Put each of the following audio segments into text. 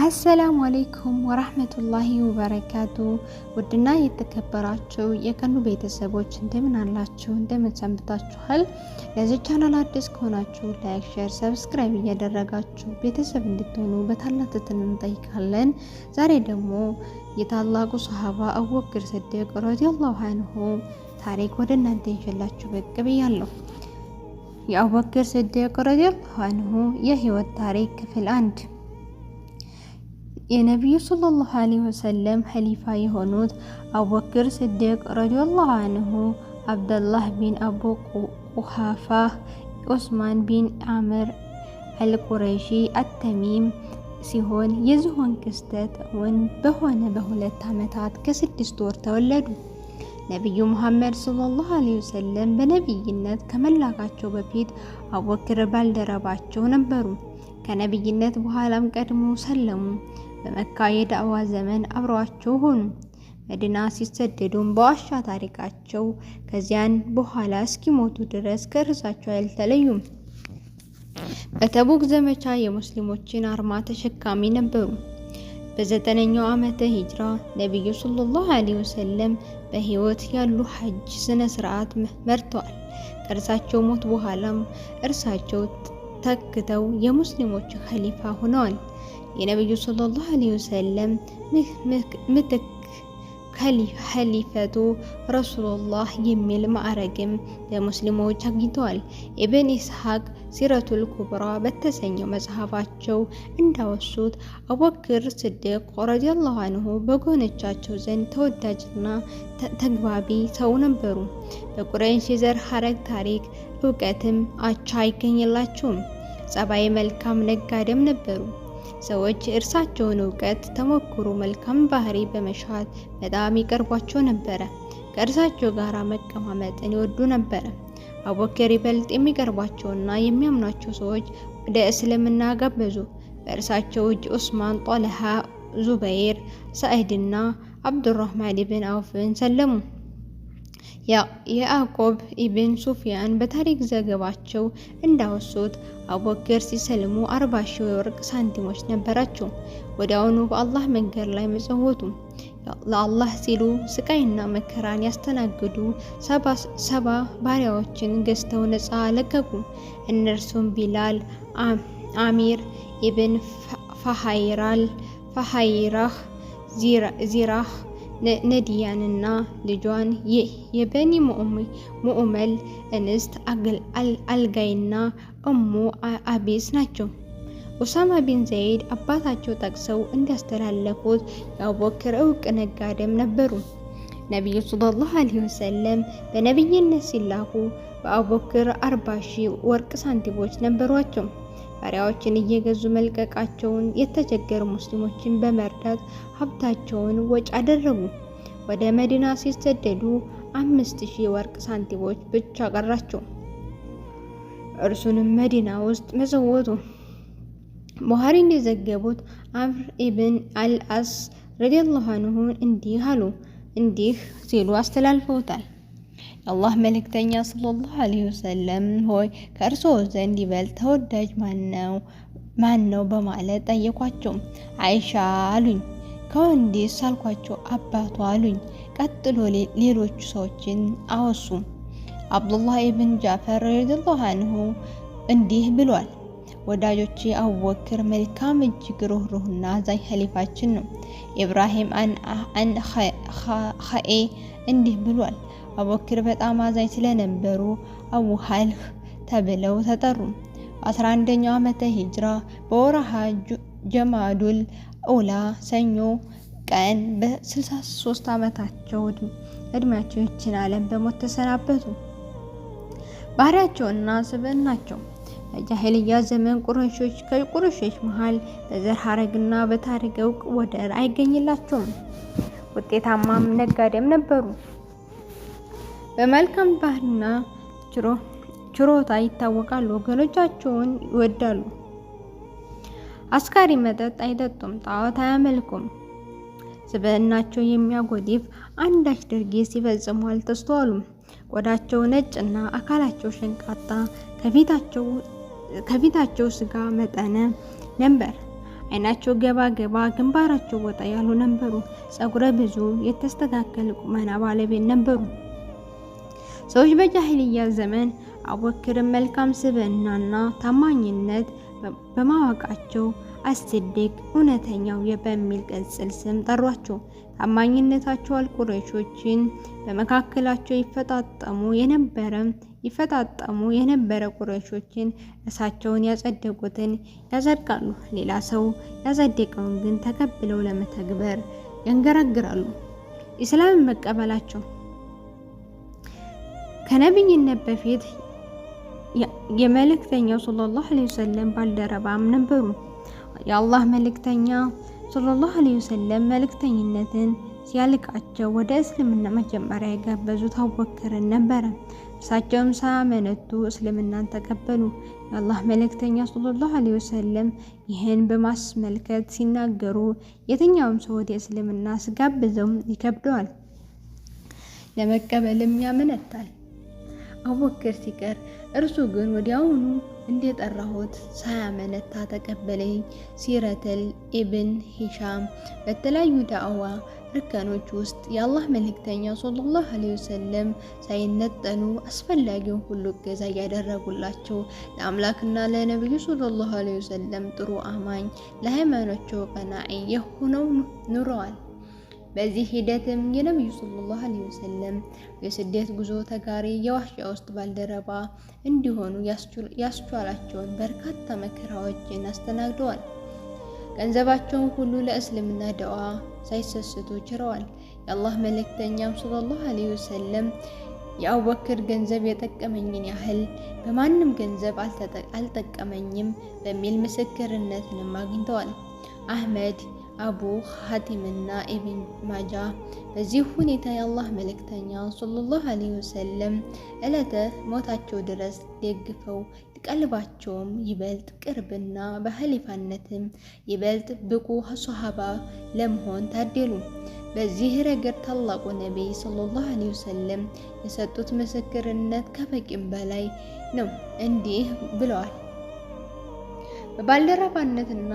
አሰላሙ አሌይኩም ወራህመቱላሂ ወበረካቱ። ውድና የተከበራችሁ የቀኑ ቤተሰቦች እንደምን አላችሁ? እንደምን ሰንብታችኋል? ለዚህ ቻናል አዲስ ከሆናችሁ ላይክ፣ ሼር፣ ሰብስክራይብ እያደረጋችሁ ቤተሰብ እንድትሆኑ በታላቅ ትህትና እንጠይቃለን። ዛሬ ደግሞ የታላቁ ሰሃባ አቡበክር ሲዲቅ ረዲየላሁ አንሁ ታሪክ ወደ እናንተ ይዤላችሁ ብቅ ብያለሁ። የአቡበክር ሲዲቅ ረዲየላሁ አንሁ የህይወት ታሪክ ክፍል አንድ የነቢዩ ሰለላሁ ዓለይሂ ወሰለም ኸሊፋ የሆኑት አቡበክር ስዲቅ ረዲየላሁ አንሁ፣ አብደላህ ቢን አቡ ቁሃፋ፣ ዑስማን ቢን አምር አልቁረይሺ አተሚም ሲሆን የዝሆን ክስተት እውን በሆነ በሁለት ዓመታት ከስድስት ወር ተወለዱ። ነቢዩ ሙሐመድ ሰለላሁ ዓለይሂ ወሰለም በነቢይነት ከመላካቸው በፊት አቡበክር ባልደረባቸው ነበሩ። ከነቢይነት በኋላም ቀድሞ ሰለሙ። በመካ የዳዕዋ ዘመን አብረዋቸው ሆኑ። መዲና ሲሰደዱም በዋሻ ታሪካቸው ከዚያን በኋላ እስኪሞቱ ድረስ ከርዕሳቸው አልተለዩም። በተቡክ ዘመቻ የሙስሊሞችን አርማ ተሸካሚ ነበሩ። በዘጠነኛው ዓመተ ሂጅራ ነቢዩ ሰለላሁ ዐለይሂ ወሰለም በሕይወት ያሉ ሐጅ ስነ ስርዓት መርተዋል። ከእርሳቸው ሞት በኋላም እርሳቸው ተክተው የሙስሊሞች ኸሊፋ ሆነዋል። የነቢዩ ሰለላሁ ዐለይሂ ወሰለም ምትክ ኸሊፈቱ ረሱሉላህ የሚል ማዕረግም በሙስሊሞች አግኝተዋል። ኢብን ኢስሐቅ ሲረቱል ኩብራ በተሰኘው መጽሐፋቸው እንዳወሱት አቡበክር ስድቅ ረዲየላሁ አንሁ በጎነቻቸው ዘንድ ተወዳጅና ተግባቢ ሰው ነበሩ። በቁረይሽ የዘር ሐረግ ታሪክ እውቀትም አቻ አይገኝላቸውም። ጸባይ መልካም ነጋዴም ነበሩ። ሰዎች እርሳቸውን እውቀት፣ ተሞክሮ፣ መልካም ባህሪ በመሻት በጣም ይቀርቧቸው ነበረ። ከእርሳቸው ጋር መቀማመጥን ይወዱ ነበረ። አቡበከር ይበልጥ የሚቀርቧቸውና የሚያምኗቸው ሰዎች ወደ እስልምና ጋበዙ። በእርሳቸው እጅ ዑስማን፣ ጦለሃ፣ ዙበይር፣ ሰዕድና አብዱራህማን ኢብን አውፍን ሰለሙ። ያዕቆብ ኢብን ሱፊያን በታሪክ ዘገባቸው እንዳወሱት አቡበክር ሲሰልሙ አርባ ሺህ የወርቅ ሳንቲሞች ነበራቸው። ወዲያውኑ በአላህ መንገድ ላይ መጸወቱ። ለአላህ ሲሉ ስቃይና መከራን ያስተናግዱ ሰባ ባሪያዎችን ገዝተው ነፃ ለቀቁ። እነርሱም ቢላል፣ አሚር ኢብን ፋሃይራህ፣ ዚራህ ነዲያንና ልጇን የበኒ ሙዑመል እንስት አልጋይና እሞ አቢስ ናቸው። ኡሳማ ቢን ዘይድ አባታቸው ጠቅሰው እንዲያስተላለፉት የአቡበክር እውቅ ነጋዴም ነበሩ። ነቢዩ ሰለላሁ ዐለይሂ ወሰለም በነቢይነት ሲላኩ በአቡበክር አርባ ሺህ ወርቅ ሳንቲሞች ነበሯቸው። ባሪያዎችን እየገዙ መልቀቃቸውን፣ የተቸገሩ ሙስሊሞችን በመርዳት ሀብታቸውን ወጪ አደረጉ። ወደ መዲና ሲሰደዱ አምስት ሺህ የወርቅ ሳንቲሞች ብቻ ቀራቸው። እርሱንም መዲና ውስጥ መዘወቱ። ቡሃሪ እንደዘገቡት አምር ኢብን አልአስ ረዲየላሁ አንሁ እንዲህ አሉ። እንዲህ ሲሉ አስተላልፈውታል። የአላህ መልእክተኛ ሰለላሁ ዐለይሂ ወሰለም ሆይ ከእርስዎ ዘንድ ይበልጥ ተወዳጅ ማነው ማን ነው በማለት ጠየኳቸው። አይሻ አሉኝ። ከወንዴስ አልኳቸው። አባቱ አሉኝ። ቀጥሎ ሌሎቹ ሰዎችን አወሱ። አብዱላህ ኢብን ጃፈር ረዲየላሁ አንሁ እንዲህ ብሏል። ወዳጆቼ አቡበክር መልካም እጅግ ሩህሩህና አዛኝ ኸሊፋችን ነው። ኢብራሂም አን ኸኤ እንዲህ ብሏል። አቦኪር በጣም አዛኝ ስለነበሩ አቡ ሀልህ ተብለው ተጠሩ። 11ኛው ዓመተ ሂጅራ በወረሃ ጀማዱል ኡላ ሰኞ ቀን በ63 ዓመታቸው እድሜያቸው ይችን ዓለም በሞት ተሰናበቱ። ባህሪያቸውና ስብዕናቸው በጃሂልያ ዘመን ቁረሾች ከቁረሾች መሃል በዘር ሀረግና በታሪክ እውቅ ወደር አይገኝላቸውም። ውጤታማም ነጋዴም ነበሩ። በመልካም ባህልና ችሮታ ይታወቃሉ። ወገኖቻቸውን ይወዳሉ። አስካሪ መጠጥ አይጠጡም፣ ጣዖት አያመልኩም። ስብዕናቸው የሚያጎድፍ አንዳች ድርጊት ሲፈጽሙ አልተስተዋሉም። ቆዳቸው ነጭና አካላቸው ሸንቃጣ ከፊታቸው ስጋ መጠነ ነበር። አይናቸው ገባ ገባ፣ ግንባራቸው ወጣ ያሉ ነበሩ። ጸጉረ ብዙ የተስተካከለ ቁመና ባለቤት ነበሩ። ሰዎች በጃሂልያ ዘመን አቡበክርን መልካም ስብዕናና ታማኝነት በማወቃቸው አስድቅ እውነተኛው በሚል ቅጽል ስም ጠሯቸው። ታማኝነታቸው አልቁረሾችን በመካከላቸው ይፈጣጠሙ የነበረ ይፈጣጠሙ የነበረ ቁረሾችን እርሳቸውን ያጸደቁትን ያጸድቃሉ፣ ሌላ ሰው ያጸደቀውን ግን ተቀብለው ለመተግበር ያንገራግራሉ። ኢስላምን መቀበላቸው ከነብይነት በፊት የመልእክተኛው ሰለላሁ ዐለይሂ ወሰለም ባልደረባም ነበሩ። የአላህ መልእክተኛ ሰለላሁ ዐለይሂ ወሰለም መልእክተኝነትን ሲያልቃቸው ወደ እስልምና መጀመሪያ የጋበዙት አቡበክርን ነበረ። እርሳቸውም ሳመነቱ እስልምናን ተቀበሉ። የአላህ መልእክተኛ ሰለላሁ ዐለይሂ ወሰለም ይህን በማስመልከት ሲናገሩ የትኛውም ሰው ወደ እስልምና ስጋብዘው ይከብደዋል፣ ለመቀበልም ያመነታል። አወከር ሲቀር እርሱ ግን ወዲያውኑ እንደጠራሁት ሳያመነታ ተቀበለኝ። ሲረተል ኢብን ሂሻም በተለያዩ ዳዕዋ እርከኖች ውስጥ የአላህ መልእክተኛ ሰለላሁ ዐለይሂ ወሰለም ሳይነጠኑ አስፈላጊውን ሁሉ እገዛ እያደረጉላቸው ለአምላክና ለነቢዩ ሰለላሁ ዐለይሂ ወሰለም ጥሩ አማኝ ለሃይማኖቸው ቀናዒ የሆነው ኑረዋል። በዚህ ሂደትም የነቢዩ ሰለላሁ ዐለይሂ ወሰለም የስደት ጉዞ ተጋሪ የዋሻ ውስጥ ባልደረባ እንዲሆኑ ያስቻላቸውን በርካታ መከራዎችን አስተናግደዋል። ገንዘባቸውን ሁሉ ለእስልምና ደዋ ሳይሰስቱ ችረዋል። የአላህ መልእክተኛም ሰለላሁ ዐለይሂ ወሰለም የአቡበክር ገንዘብ የጠቀመኝን ያህል በማንም ገንዘብ አልጠቀመኝም በሚል ምስክርነትንም አግኝተዋል። አህመድ አቡ ሀቲምና ኢብን ማጃ። በዚህ ሁኔታ የአላህ መልእክተኛ ሶለላሁ ዐለይሂ ወሰለም እለተ ሞታቸው ድረስ ደግፈው ቀልባቸውም ይበልጥ ቅርብና በሀሊፋነትም ይበልጥ ብቁ ሶሃባ ለመሆን ታደሉ። በዚህ ረገድ ታላቁ ነቢይ ሰለላሁ ዐለይሂ ወሰለም የሰጡት ምስክርነት ከበቂም በላይ ነው። እንዲህ ብለዋል። በባልደረባነትና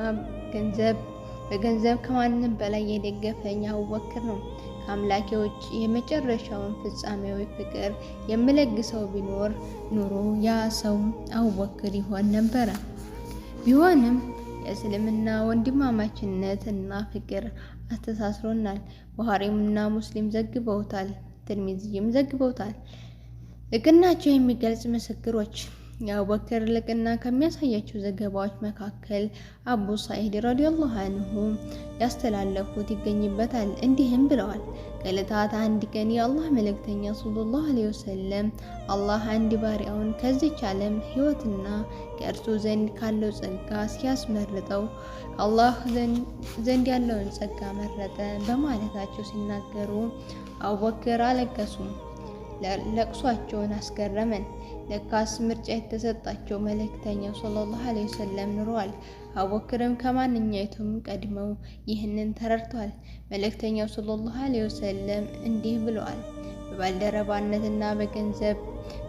ገንዘብ በገንዘብ ከማንም በላይ የደገፈኝ አቡበክር ነው። ከአምላኪዎች የመጨረሻውን ፍጻሜያዊ ፍቅር የምለግሰው ቢኖር ኑሮ ያ ሰው አቡበክር ይሆን ነበረ። ቢሆንም የእስልምና ወንድማማችነት እና ፍቅር አስተሳስሮናል። ቡሃሪምና ሙስሊም ዘግበውታል፣ ትርሚዝም ዘግበውታል። እቅናቸው የሚገልጽ ምስክሮች የአቡበከር ልቅና ከሚያሳያቸው ዘገባዎች መካከል አቡ ሳኢድ ረዲየላሁ አንሁ ያስተላለፉት ይገኝበታል። እንዲህም ብለዋል። ከዕለታት አንድ ቀን የአላህ መልእክተኛ ሰለላሁ ዐለይሂ ወሰለም አላህ አንድ ባሪያውን ከዚች ዓለም ህይወትና ከእርሱ ዘንድ ካለው ጸጋ ሲያስመርጠው ከአላህ ዘንድ ያለውን ጸጋ መረጠ በማለታቸው ሲናገሩ አቡበከር አለቀሱ። ለቅሷቸውን አስገረመን። ለካስ ምርጫ የተሰጣቸው መልእክተኛው ሰለላሁ ዐለይሂ ወሰለም ኑረዋል። አቡበክርም ከማንኛይቱም ቀድመው ይህንን ተረድቷል። መልእክተኛው ሰለላሁ ዐለይሂ ወሰለም እንዲህ ብለዋል፣ በባልደረባነትና በገንዘብ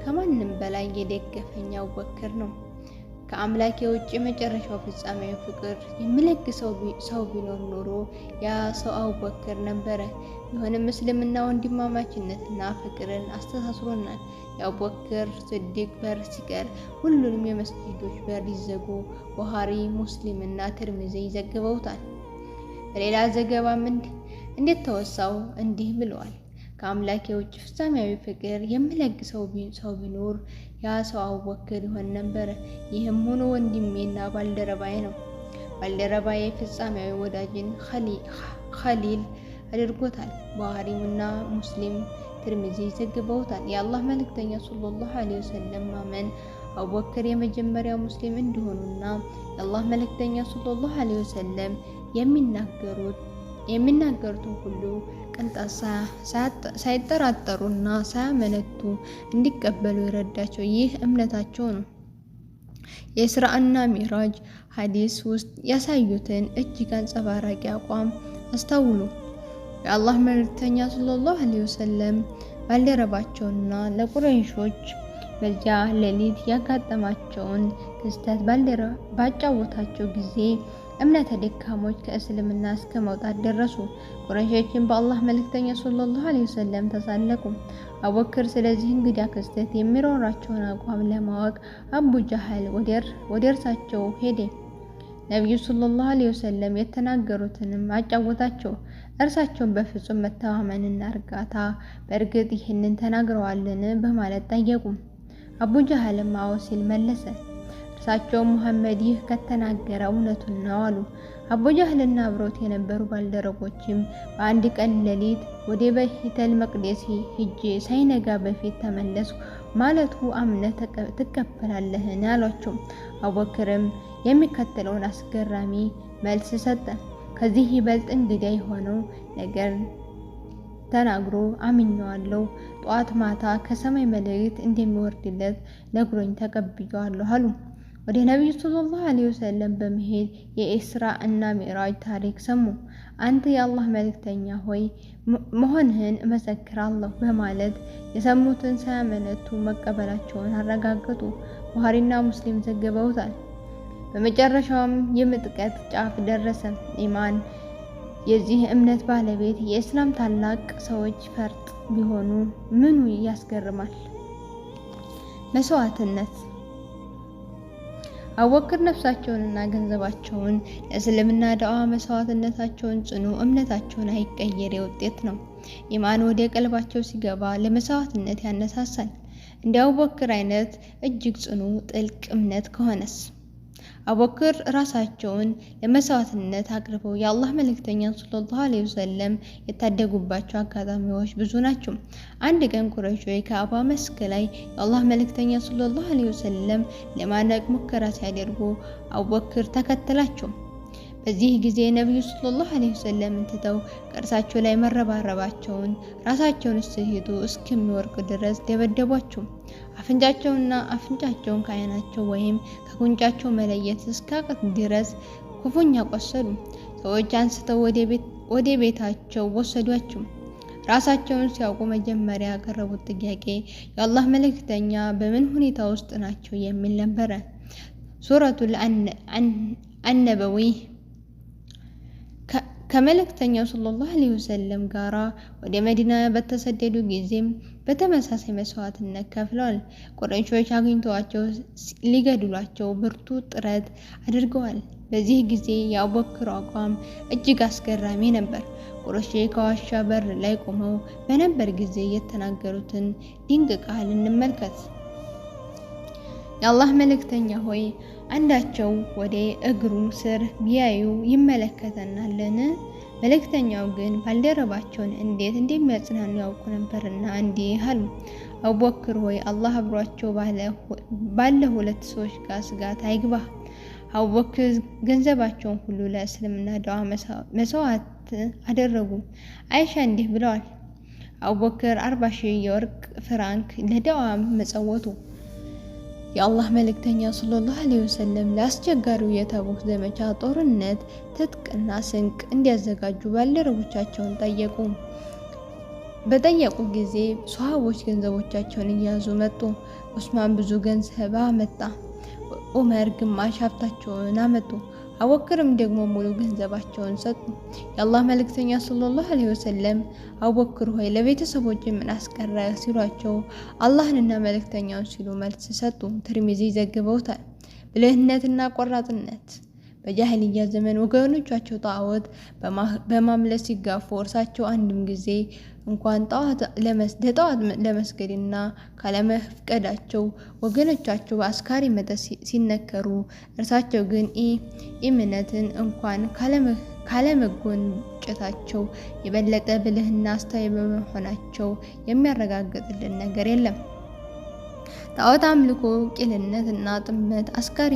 ከማንም በላይ የደገፈኝ አቡበክር ነው። ከአምላኬ ውጭ መጨረሻው ፍጻሜ ፍቅር የሚለግ ሰው ቢኖር ኖሮ ያ ሰው አቡበክር ነበረ። ቢሆንም እስልምና ወንድማማችነትና ፍቅርን አስተሳስሮናል። የአቡበክር ስዲቅ በር ሲቀር ሁሉንም የመስጊዶች በር ይዘጉ። ቡሃሪ ሙስሊምና ትርሚዚ ይዘግበውታል። በሌላ ዘገባም እንዴት ተወሳው እንዲህ ብለዋል። ከአምላኬ ውጭ ፍጻሜያዊ ፍቅር የሚለግ ሰው ቢኖር ያ ሰው አወክል ይሆን ነበረ። ይህም ሆኖ ወንድሜና ባልደረባዬ ነው። ባልደረባዬ ፍጻሜያዊ ወዳጅን ኸሊል አድርጎታል። ባህሪውና ሙስሊም ትርሚዚ ዘግበውታል። የአላህ መልእክተኛ ሰለላሁ ዐለይሂ ወሰለም ማመን አቡበክር የመጀመሪያው ሙስሊም እንደሆኑና የአላህ መልእክተኛ ሰለላሁ ዐለይሂ ወሰለም የሚናገሩት የሚናገሩትን ሁሉ ቅንጣት ሳይጠራጠሩና ሳያመነቱ እንዲቀበሉ የረዳቸው ይህ እምነታቸው ነው። የእስራእና ሚራጅ ሀዲስ ውስጥ ያሳዩትን እጅግ አንጸባራቂ አቋም አስታውሉ። የአላህ መልእክተኛ ሰለላሁ ዐለይሂ ወሰለም ባልደረባቸውና ለቁረይሾች በዚያ ሌሊት ያጋጠማቸውን ክስተት ባጫወታቸው ጊዜ እምነተ ደካሞች ከእስልምና እስከ መውጣት ደረሱ። ቁረሾችን በአላህ መልእክተኛ ሰለላሁ ዐለይሂ ወሰለም ተሳለቁ። አቡበክር ስለዚህ እንግዳ ክስተት የሚኖራቸውን አቋም ለማወቅ አቡ ጃህል ወደ እርሳቸው ሄደ። ነቢዩ ሰለላሁ ዐለይሂ ወሰለም የተናገሩትንም አጫወታቸው። እርሳቸውን በፍጹም መተማመንና እርጋታ በእርግጥ ይህንን ተናግረዋልን በማለት ጠየቁ። አቡ ጃህልም አዎ ሲል መለሰ። እሳቸውም ሙሐመድ ይህ ከተናገረ እውነቱን ነው አሉ። ጀህልና አብሮት የነበሩ ባልደረቦችም በአንድ ቀን ሌሊት ወደ በሂተል መቅደስ ሂጄ ሳይነጋ በፊት ተመለስኩ ማለቱ አምነት ትከፈላለህን? አሏቸው። አቡበክርም የሚከተለውን አስገራሚ መልስ ሰጠ። ከዚህ ይበልጥ እንግዳ የሆነው ነገር ተናግሮ አምኜዋለሁ። ጠዋት ማታ ከሰማይ መልእክት እንደሚወርድለት ነግሮኝ ተቀብዬዋለሁ አሉ። ወደ ነቢዩ ሰለላሁ ዐለይሂ ወሰለም በመሄድ የኢስራ እና ሚዕራጅ ታሪክ ሰሙ። አንተ የአላህ መልእክተኛ ሆይ መሆንህን እመሰክራለሁ በማለት የሰሙትን ሳያመነቱ መቀበላቸውን አረጋገጡ። ቡሃሪና ሙስሊም ዘግበውታል። በመጨረሻውም የምጥቀት ጫፍ ደረሰ። ኢማን የዚህ እምነት ባለቤት የእስላም ታላቅ ሰዎች ፈርጥ ቢሆኑ ምኑ ያስገርማል? መስዋዕትነት አወክር ነፍሳቸውንና ገንዘባቸውን ለእስልምና ዳዋ መስዋዕትነታቸውን ጽኑ እምነታቸውን አይቀየር ውጤት ነው። ኢማን ወደ ቀልባቸው ሲገባ ለመስዋዕትነት ያነሳሳል። እንደ አቡበክር አይነት እጅግ ጽኑ ጥልቅ እምነት ከሆነስ አቡበክር ራሳቸውን ለመስዋዕትነት አቅርበው የአላህ መልእክተኛን ሰለላሁ ዐለይሂ ወሰለም የታደጉባቸው አጋጣሚዎች ብዙ ናቸው። አንድ ቀን ቁረይሾች ከአባ መስክ ላይ የአላህ መልእክተኛ ሰለላሁ ዐለይሂ ወሰለም ለማነቅ ሙከራ ሲያደርጉ አቡበክር ተከተላቸው። በዚህ ጊዜ ነቢዩ ሰለላሁ ዐለይሂ ወሰለም እንትተው ከእርሳቸው ላይ መረባረባቸውን ራሳቸውን ሲሄዱ እስከሚወርቅ ድረስ ደበደቧቸው። አፍንጫቸውና አፍንጫቸውን ከዓይናቸው ወይም ከጉንጫቸው መለየት እስካቀት ድረስ ክፉኛ ቆሰሉ። ሰዎች አንስተው ወደ ቤታቸው ወሰዷቸው። ራሳቸውን ሲያውቁ መጀመሪያ ያቀረቡት ጥያቄ የአላህ መልእክተኛ በምን ሁኔታ ውስጥ ናቸው የሚል ነበረ። ሱረቱል አነበዊ ከመልእክተኛው ሰለላሁ ዐለይሂ ወሰለም ጋራ ወደ መዲና በተሰደዱ ጊዜም በተመሳሳይ መስዋዕትነት ከፍለዋል። ቁረይሾች አግኝተዋቸው ሊገድሏቸው ብርቱ ጥረት አድርገዋል። በዚህ ጊዜ የአቡበክር አቋም እጅግ አስገራሚ ነበር። ቁረሾ ከዋሻ በር ላይ ቆመው በነበር ጊዜ የተናገሩትን ድንቅ ቃል እንመልከት። የአላህ መልእክተኛ ሆይ አንዳቸው ወደ እግሩ ስር ቢያዩ ይመለከተናልን? መልእክተኛው ግን ባልደረባቸውን እንዴት እንደሚያጽናኑ ያውቁ ነበርና እንዲህ አሉ። አቡበክር ሆይ አላህ አብሯቸው ባለ ሁለት ሰዎች ጋር ስጋት አይግባ። አቡበክር ገንዘባቸውን ሁሉ ለእስልምና ደዋ መስዋዕት አደረጉ። አይሻ እንዲህ ብለዋል። አቡበክር አርባ ሺህ የወርቅ ፍራንክ ለደዋ መጸወቱ። የአላህ መልእክተኛ ሰለላሁ ዐለይሂ ወሰለም ለአስቸጋሪው የተቡክ ዘመቻ ጦርነት ትጥቅና ስንቅ እንዲያዘጋጁ ባልደረቦቻቸውን ጠየቁ። በጠየቁ ጊዜ ሶሃቦች ገንዘቦቻቸውን እያዙ መጡ። ኡስማን ብዙ ገንዘብ አመጣ። ኡመር ግማሽ ሀብታቸውን አመጡ። አቡበክርም ደግሞ ሙሉ ገንዘባቸውን ሰጡ። የአላህ መልእክተኛ ሰለላሁ ዐለይሂ ወሰለም አቡበክር ሆይ ለቤተሰቦች ምን አስቀራ ሲሏቸው አላህንና መልእክተኛውን ሲሉ መልስ ሰጡ። ትርሚዚ ዘግበውታል። ብልህነትና ቆራጥነት በጃህልያ ዘመን ወገኖቻቸው ጣዖት በማምለስ ሲጋፉ እርሳቸው አንድም ጊዜ እንኳን ለጠዋት ለመስገድና ካለመፍቀዳቸው ወገኖቻቸው በአስካሪ መጠጥ ሲነከሩ፣ እርሳቸው ግን ኢ እምነትን እንኳን ካለመጎንጨታቸው የበለጠ ብልህና አስተዋይ በመሆናቸው የሚያረጋግጥልን ነገር የለም። ጣዖት አምልኮ፣ ቂልነት እና ጥመት፣ አስካሪ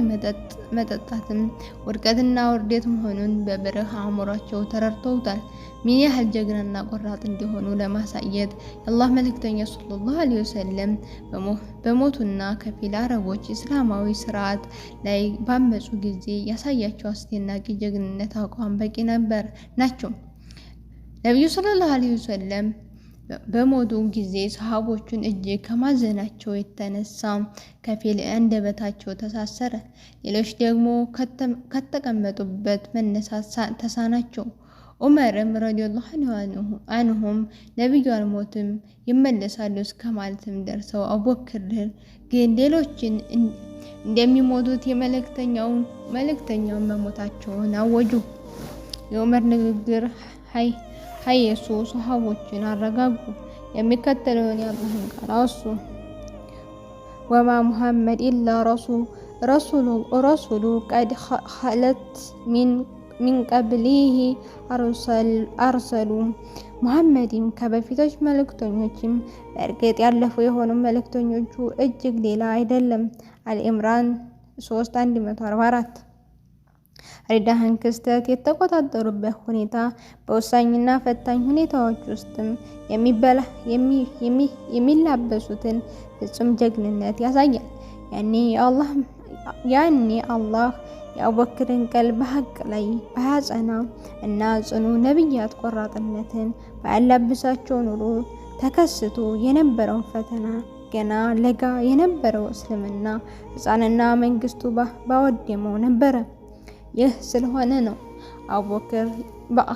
መጠጣትም ውድቀትና ውርደት መሆኑን በብርህ አእምሯቸው ተረድተውታል። ምን ያህል ጀግናና ቆራጥ እንዲሆኑ ለማሳየት የአላህ መልእክተኛ ሰለላሁ ዐለይሂ ወሰለም በሞቱና ከፊል አረቦች እስላማዊ ስርዓት ላይ ባመፁ ጊዜ ያሳያቸው አስደናቂ ጀግንነት አቋም በቂ ነበር ናቸው። ነቢዩ ሰለላሁ ዐለይሂ ወሰለም በሞቱ ጊዜ ሰሃቦቹን እጅግ ከማዘናቸው የተነሳ ከፊል አንደበታቸው ተሳሰረ፣ ሌሎች ደግሞ ከተቀመጡበት መነሳት ተሳናቸው። ዑመርም ረዲየላሁ አንሁም ነቢዩ አልሞትም ይመለሳሉ እስከ ማለትም ደርሰው፣ አቡበክር ግን ሌሎችን እንደሚሞቱት የመልእክተኛውን መሞታቸውን አወጁ። የዑመር ንግግር ሀይ ሀየሱ ሰሃቦችን አረጋጉ። የሚከተለውን የአላህን ቃል አወሱ። ወማ ሙሐመድ ኢላ ረሱሉ ቀድ ኸለት ሚን ቀብሊሂ አርሰሉ። ሙሐመድም ከበፊቶች መልእክተኞችም በእርግጥ ያለፉ የሆኑ መልእክተኞቹ እጅግ ሌላ አይደለም። አልኢምራን 3144 ሬዳህን ክስተት የተቆጣጠሩበት ሁኔታ በወሳኝና ፈታኝ ሁኔታዎች ውስጥም የሚላበሱትን ፍጹም ጀግንነት ያሳያል። ያኔ አላህ የአቡበክርን ቀልብ በሀቅ ላይ ባያጸና እና ጽኑ ነቢያት ቆራጥነትን ባያላብሳቸው ኑሮ ተከስቶ የነበረውን ፈተና ገና ለጋ የነበረው እስልምና ህፃንና መንግስቱ ባወደመው ነበረ። ይህ ስለሆነ ነው አቡበክር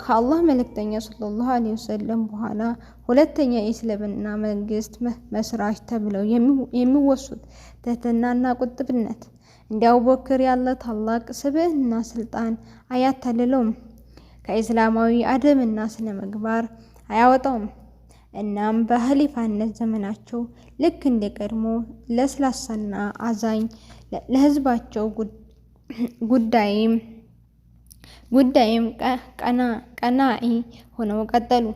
ከአላህ መልእክተኛ ሰለላሁ ዐለይሂ ወሰለም በኋላ ሁለተኛ የእስልምና መንግስት መስራች ተብለው የሚወሱት ትህትናና ቁጥብነት እንደ አቡበክር ያለ ታላቅ ስብዕና ስልጣን አያታልለውም። ከእስላማዊ አደምና ስነ ምግባር አያወጣውም። እናም በሀሊፋነት ዘመናቸው ልክ እንደ ቀድሞ ለስላሳና አዛኝ ለህዝባቸው ጉዳይ ጉዳይም ጉዳይም ቀናኢ ሆነው ቀጠሉ።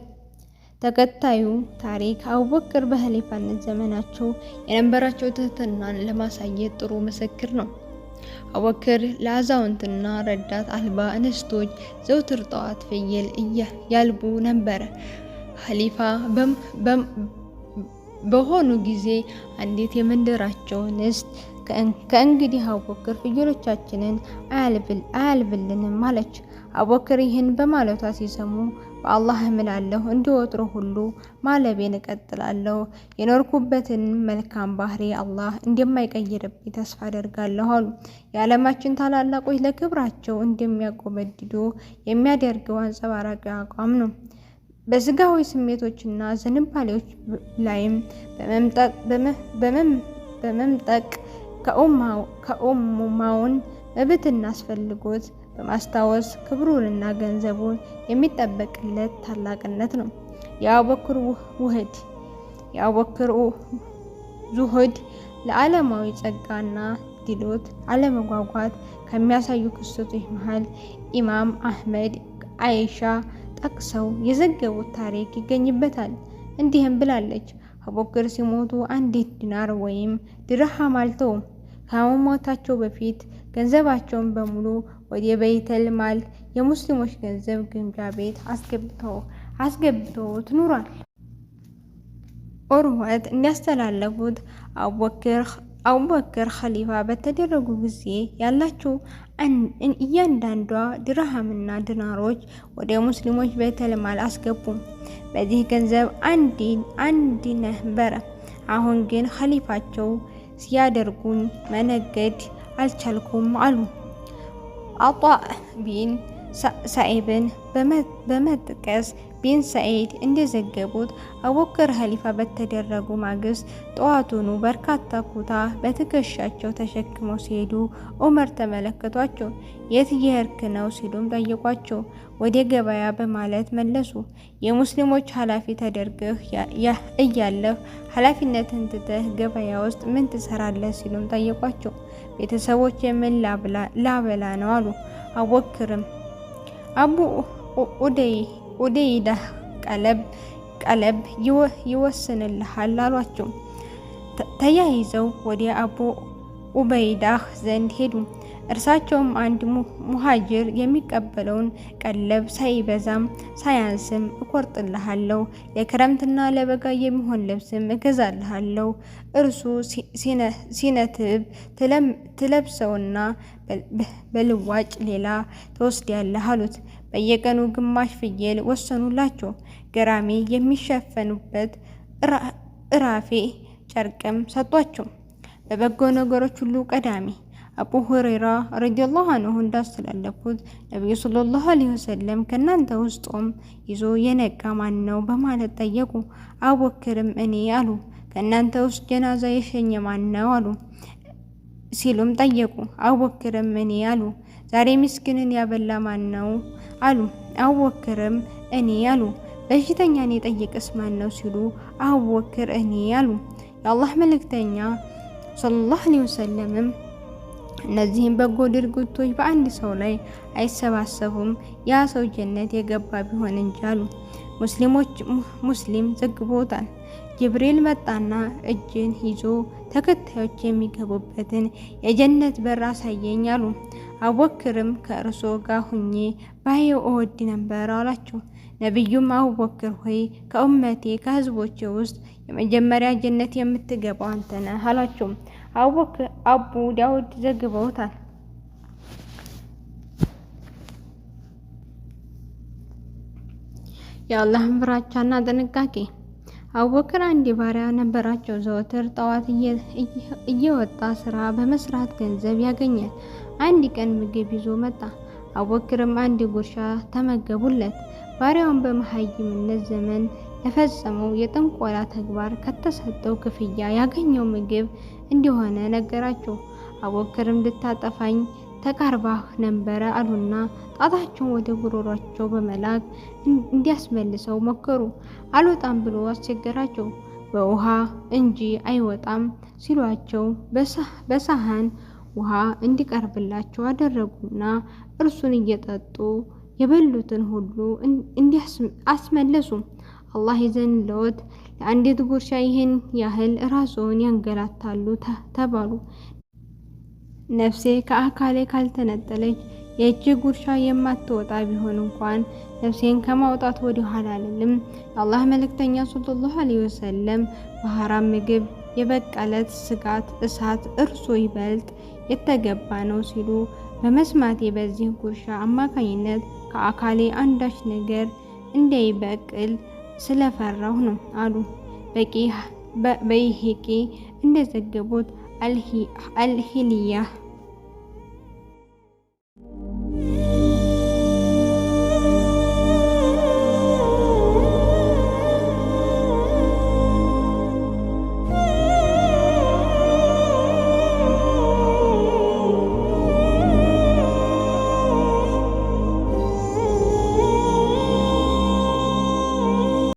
ተከታዩ ታሪክ አቡበክር በኸሊፋነት ዘመናቸው የነበራቸው ትህትናን ለማሳየት ጥሩ ምስክር ነው። አቡበክር ለአዛውንትና ረዳት አልባ እንስቶች ዘውትር ጠዋት ፍየል እያልቡ ነበረ። ኸሊፋ በሆኑ ጊዜ አንዲት የመንደራቸው እንስት ከእንግዲህ አቦክር ፍየሎቻችንን አያልብልንም አለች። አቦክር ይህን በማለቷ ሲሰሙ በአላህ እምላለሁ እንደ ሁሉ ማለቤን እቀጥላለሁ፣ የኖርኩበትን መልካም ባህሪ አላህ እንደማይቀይርብኝ ተስፋ አደርጋለሁ አሉ። የዓለማችን ታላላቆች ለክብራቸው እንደሚያቆመድዱ የሚያደርገው አንጸባራቂ አቋም ነው። በስጋዊ ስሜቶችና ዝንባሌዎች ላይም በመምጠቅ ከኦማውን መብትና አስፈልጎት በማስታወስ ክብሩንና ገንዘቡን የሚጠበቅለት ታላቅነት ነው። የአቡበክር ውህድ የአቡበክር ዙህድ ለዓለማዊ ጸጋና ድሎት አለመጓጓት ከሚያሳዩ ክስተቶች መሃል ኢማም አህመድ፣ አይሻ ጠቅሰው የዘገቡት ታሪክ ይገኝበታል። እንዲህም ብላለች፣ አቡበክር ሲሞቱ አንዲት ዲናር ወይም ድርሃም አልተውም። ከመሞታቸው በፊት ገንዘባቸውን በሙሉ ወደ በይተል ማል የሙስሊሞች ገንዘብ ግምጃ ቤት አስገብተውት ኑሯል። ኡርወት እንዲያስተላለፉት አቡበክር ኸሊፋ በተደረጉ ጊዜ ያላቸው እያንዳንዷ ድርሃምና ድናሮች ወደ ሙስሊሞች በይተል ማል አስገቡም። በዚህ ገንዘብ አንድ ነበረ። አሁን ግን ኸሊፋቸው ሲያደርጉን መነገድ አልቻልኩም አሉ። አጣ ቢን ሳኢብን በመጥቀስ ቢን ሰዒድ እንደዘገቡት አቡበከር ኸሊፋ በተደረጉ ማግስት ጠዋቱኑ በርካታ ኩታ በትከሻቸው ተሸክመው ሲሄዱ ዑመር ተመለከቷቸው። የት እየሄድክ ነው ሲሉም ጠየቋቸው። ወደ ገበያ በማለት መለሱ። የሙስሊሞች ኃላፊ ተደርገህ እያለህ ኃላፊነትን ትተህ ገበያ ውስጥ ምን ትሰራለህ ሲሉም ጠየቋቸው። ቤተሰቦች የምን ላበላ ነው አሉ። አቡበክርም አቡ ኡደይ ወደ ኢዳህ ቀለብ ቀለብ ይወስንልሃል አሏቸው። ተያይዘው ወደ አቡ ኡበይዳህ ዘንድ ሄዱ። እርሳቸውም አንድ ሙሃጅር የሚቀበለውን ቀለብ ሳይበዛም ሳያንስም እቆርጥልሃለሁ፣ ለክረምትና ለበጋ የሚሆን ልብስም እገዛልሃለሁ። እርሱ ሲነትብ ትለብሰውና በልዋጭ ሌላ ትወስድ ያለህ አሉት። በየቀኑ ግማሽ ፍየል ወሰኑላቸው። ገራሚ የሚሸፈኑበት እራፌ ጨርቅም ሰጧቸው። በበጎ ነገሮች ሁሉ ቀዳሚ አቡ ሁረይራ ረዲየላሁ አንሁ እንዳስተላለፉት ነቢዩ ሰለላሁ ዐለይሂ ወሰለም ከእናንተ ውስጥ ይዞ የነቃ ማን ነው በማለት ጠየቁ። አቡበክርም እኔ አሉ። ከእናንተ ውስጥ ጀናዛ የሸኘ ማን ነው አሉ ሲሉም ጠየቁ። አቡበክርም እኔ አሉ። ዛሬ ምስኪንን ያበላ ማን ነው አሉ። አቡበክርም እኔ አሉ። በሽተኛን የጠየቀስ ማን ነው ሲሉ አቡበክር እኔ አሉ። የአላህ መልእክተኛ ሰለላሁ ዐለይሂ ወሰለምም እነዚህም በጎ ድርጊቶች በአንድ ሰው ላይ አይሰባሰቡም፣ ያ ሰው ጀነት የገባ ቢሆን እንጂ አሉ። ሙስሊሞች ሙስሊም ዘግቦታል። ጅብሪል መጣና እጅን ይዞ ተከታዮች የሚገቡበትን የጀነት በር አሳየኝ አሉ። አቡበክርም ከእርሶ ጋር ሁኜ ባየው እወድ ነበር አላቸው። ነቢዩም አቡበክር ሆይ ከእመቴ ከህዝቦቼ ውስጥ የመጀመሪያ ጀነት የምትገባው አንተ ነህ አላቸው። አቡ ዳውድ ዘግበውታል። የአላህን ፍራቻና ጥንቃቄ አቡበክር አንድ ባሪያ ነበራቸው። ዘወትር ጠዋት እየወጣ ስራ በመስራት ገንዘብ ያገኛል። አንድ ቀን ምግብ ይዞ መጣ። አቡበክርም አንድ ጉርሻ ተመገቡለት። ባሪያውን በመሀይምነት ዘመን ለፈጸመው የጥንቆላ ተግባር ከተሰጠው ክፍያ ያገኘው ምግብ እንደሆነ ነገራቸው። አቡበክርም ልታጠፋኝ ተቃርባህ ነበረ አሉና ጣታቸውን ወደ ጉሮሯቸው በመላክ እንዲያስመልሰው ሞከሩ። አልወጣም ብሎ አስቸገራቸው። በውሃ እንጂ አይወጣም ሲሏቸው በሳህን ውሃ እንዲቀርብላቸው አደረጉና እርሱን እየጠጡ የበሉትን ሁሉ እንዲህ አስመለሱ። አላህ ይዘንልዎት ለአንዲት ጉርሻ ይህን ያህል ራስዎን ያንገላታሉ ተባሉ። ነፍሴ ከአካሌ ካልተነጠለች የእጅ ጉርሻ የማትወጣ ቢሆን እንኳን ነፍሴን ከማውጣት ወደ ኋላ አልልም። የአላህ መልእክተኛ ሰለላሁ ዐለይሂ ወሰለም በሐራም ምግብ የበቀለት ስጋት እሳት እርሶ ይበልጥ የተገባ ነው ሲሉ በመስማቴ በዚህ ጉርሻ አማካኝነት ከአካሌ አንዳች ነገር እንዳይበቅል ስለፈራሁ ነው አሉ። በይሄቄ እንደዘገቡት አልሂልያህ